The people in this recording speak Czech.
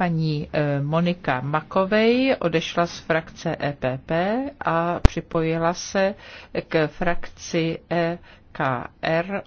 Paní eh, Monika Makovej odešla z frakce EPP a připojila se k frakci EKR